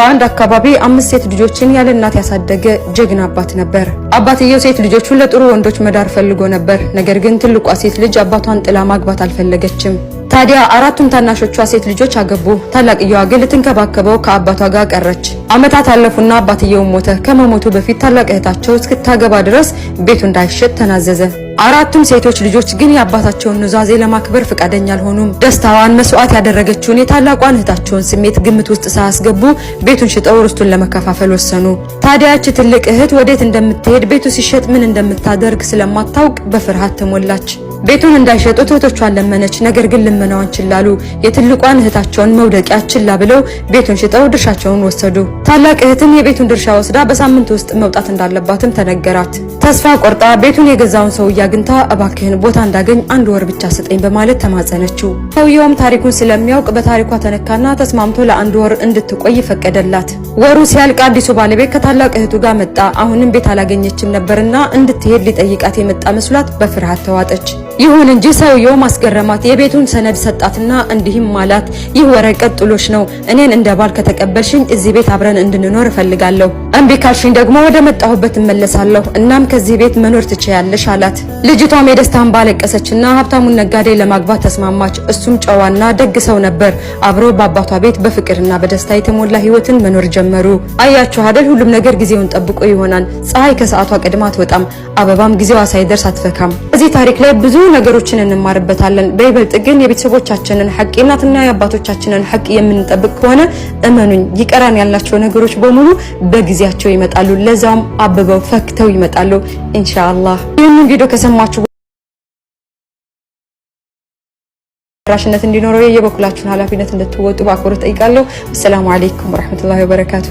በአንድ አካባቢ አምስት ሴት ልጆችን ያለ እናት ያሳደገ ጀግና አባት ነበር። አባትየው ሴት ልጆቹን ለጥሩ ወንዶች መዳር ፈልጎ ነበር። ነገር ግን ትልቋ ሴት ልጅ አባቷን ጥላ ማግባት አልፈለገችም። ታዲያ አራቱን ታናሾቿ ሴት ልጆች አገቡ። ታላቅየዋ ግን ልትንከባከበው ከአባቷ ጋር ቀረች። አመታት አለፉና አባትየው ሞተ። ከመሞቱ በፊት ታላቅ እህታቸው እስክታገባ ድረስ ቤቱ እንዳይሸጥ ተናዘዘ። አራቱም ሴቶች ልጆች ግን የአባታቸውን ኑዛዜ ለማክበር ፈቃደኛ አልሆኑም። ደስታዋን መስዋዕት ያደረገችውን የታላቋን እህታቸውን ስሜት ግምት ውስጥ ሳያስገቡ ቤቱን ሽጠው ርስቱን ለመከፋፈል ወሰኑ። ታዲያች ትልቅ እህት ወዴት እንደምትሄድ ቤቱ ሲሸጥ ምን እንደምታደርግ ስለማታውቅ በፍርሃት ተሞላች። ቤቱን እንዳይሸጡት እህቶቿን ለመነች። ነገር ግን ልመናዋን ችላሉ የትልቋን እህታቸውን መውደቂያ ችላ ብለው ቤቱን ሽጠው ድርሻቸውን ወሰዱ። ታላቅ እህትም የቤቱን ድርሻ ወስዳ በሳምንት ውስጥ መውጣት እንዳለባትም ተነገራት። ተስፋ ቆርጣ ቤቱን የገዛውን ሰውዬ አግኝታ እባክህን ቦታ እንዳገኝ አንድ ወር ብቻ ስጠኝ በማለት ተማጸነችው። ሰውየውም ታሪኩን ስለሚያውቅ በታሪኳ ተነካና ተስማምቶ ለአንድ ወር እንድትቆይ ፈቀደላት። ወሩ ሲያልቅ አዲሱ ባለቤት ከታላቅ እህቱ ጋር መጣ። አሁንም ቤት አላገኘችም ነበርና እንድትሄድ ሊጠይቃት የመጣ መስሏት በፍርሃት ተዋጠች። ይሁን እንጂ ሰውየው ማስገረማት የቤቱን ሰነድ ሰጣትና እንዲህም ማላት፣ ይህ ወረቀት ጥሎሽ ነው። እኔን እንደ ባል ከተቀበልሽኝ እዚህ ቤት አብረን እንድንኖር እፈልጋለሁ። እምቢ ካልሽኝ ደግሞ ወደ መጣሁበት እመለሳለሁ። እናም ከዚህ ቤት መኖር ትችያለሽ አላት። ልጅቷም የደስታን ባለቀሰችና ሀብታሙን ነጋዴ ለማግባት ተስማማች። እሱም ጨዋና ደግ ሰው ነበር። አብሮ በአባቷ ቤት በፍቅርና በደስታ የተሞላ ህይወትን መኖር ጀመሩ። አያችሁ አይደል? ሁሉም ነገር ጊዜውን ጠብቆ ይሆናል። ፀሐይ ከሰዓቷ ቀድማ አትወጣም፣ አበባም ጊዜዋ ሳይደርስ አትፈካም። ከዚህ ታሪክ ላይ ብዙ ነገሮችን እንማርበታለን። በይበልጥ ግን የቤተሰቦቻችንን ሀቅ የእናትና የአባቶቻችንን ሀቅ የምንጠብቅ ከሆነ እመኑኝ ይቀራን ያላቸው ነገሮች በሙሉ በጊዜያቸው ይመጣሉ። ለዛውም አብበው ፈክተው ይመጣሉ ኢንሻአላህ። ይህንን ቪዲዮ ከሰማችሁ ራሽነት እንዲኖረው የየበኩላችሁን ኃላፊነት እንድትወጡ በአክብሮት ጠይቃለሁ። አሰላሙ አለይኩም ወራህመቱላሂ ወበረካቱ።